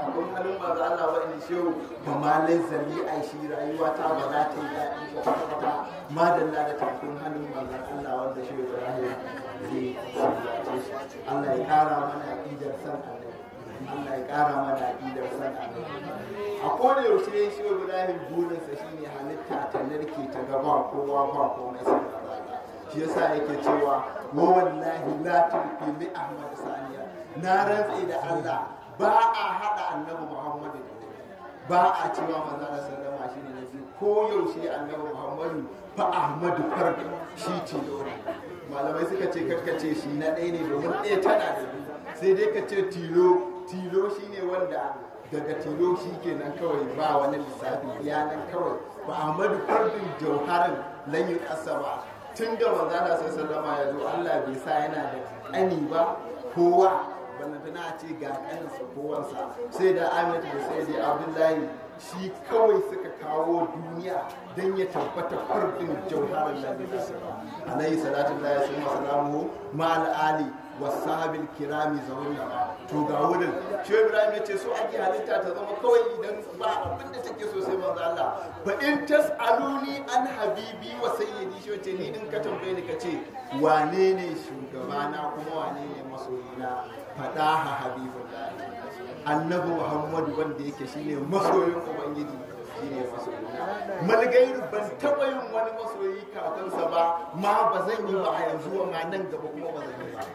abin halin ba za Allah wa'in shehu ba malin zami a shi rayuwa ta ba za ta yi daɗi ba kwata madalla da tafin halin ba za Allah wanda shi ya rahiya zai sallace Allah ya ƙara mana aƙidar san Allah ya ƙara mana aƙidar san a kowane yaushe shehu Ibrahim burinsa shine halitta ta narke ta gaba kowa ba komai sai shi yasa yake cewa wa wallahi la tulqi li ahmad saniya na rantsi da Allah ba a haɗa annabi muhammadu ba a cewa maza Allah sallama shi ne na biyu ko yaushe annabi muhammadu fa ahmadu farda shi ce dole malamai suka ce karkace shi na ɗaya ne domin ɗaya tana da biyu sai dai ka ce tilo tilo ne wanda daga tilo shi kenan kawai ba wani lissafi ya nan kawai ba ahmadu fardin jauharin lanyin ƙasa ba tun da manzo Allah sallama ya zo Allah bai sa yana da ƙani ba kowa ballantana a ce ga kaninsa kowansa sai da aminata da sai da abdullahi shi kawai suka kawo duniya don ya tabbata farbin jauharar lalata alaihi salatu lahi sun masalamu ma'al ali wasabil kirami zaune to ga wurin shi ibrahim ya ce so ake halitta ta zama kawai idan ba abin da take sosai sai manzo Allah fa in tasaluni an habibi wa sayyidi shi ni in ka tambaye ni ka ce wane ne shugabana kuma wane ne masoyina fada ha habibullah annabi muhammad wanda yake shine masoyin ubangiji ne masoyina malgairu ban taba yin wani masoyi kakansa ba ma ba zan yi ba a yanzu wa nan gaba kuma ba zan yi ba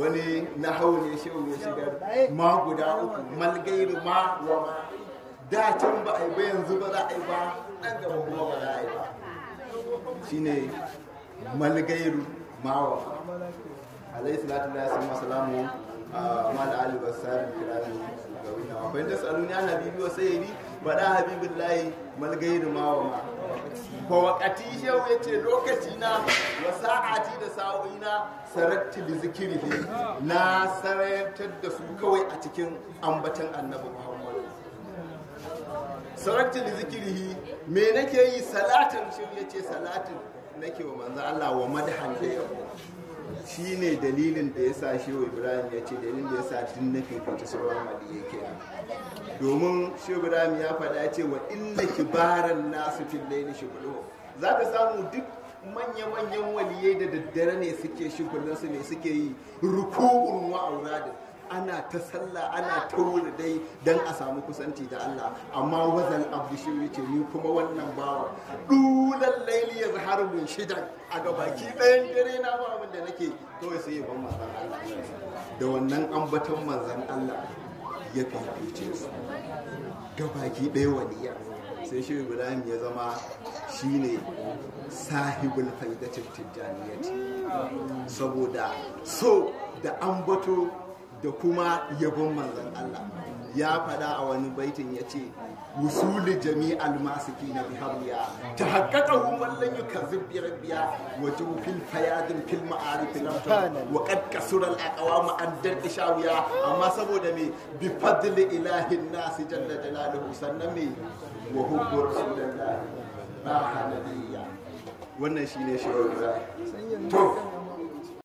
wani na haune shehu ya shigar ma guda uku malgairu ma wa ma da can ba a yi ba yanzu ba za a yi ba nan gaba kuma ba za a yi ba shine malgairu ma wa ma alaihi salatu wa salamu ma da ali basari kirani ga wina wa fa tasaluni an wa sayyidi bada habibillahi mal gairu ma wa wakati shehu yace lokaci na wa sa'ati da sa'o'ina saratti bi zikrihi na sarayantar da su kawai a cikin ambatan annabi Muhammad saratti li zikrihi me nake yi salatin shi yace salatin nake wa manzo Allah wa madhan da yabo shi ne dalilin da ya sa shehu ibrahim ya ce dalilin da ya sa tun na fifita sauran ke kenan domin shehu ibrahim ya faɗa ce wa illa kibaran nasu fillaini shugulu za ka samu duk manya-manyan waliyai da daddare ne suke shugulinsu ne suke yi ruku'un wa'auradin ana ta sallah ana ta wuri dai don a samu kusanci da Allah amma wazal abu shi wuce ni kuma wannan bawa dulan laili ya zahar mun shida a gabaki ɗayan dare na ba abin da nake kawai sai ya ban manzan Allah da wannan ambaton manzan Allah ya fifice su gabaki ɗaya waliya sai shi ibrahim ya zama shine sahibul faidatin tijjaniyar. saboda so da ambato da kuma yabon manzon Allah ya faɗa a wani baitin ya ce wusuli jami'al masiki na bihabiya ta haƙaƙa hukumar lan yi zubi biyar wajen fil fayadin fil ma'arifin lamtar wa kad kasural aqawa ma an ishawiya amma saboda mai bi fadli ilahin nasi jalla jalaluhu sannan me wa hubbur rasulillahi ba hanabiyya wannan shine shi to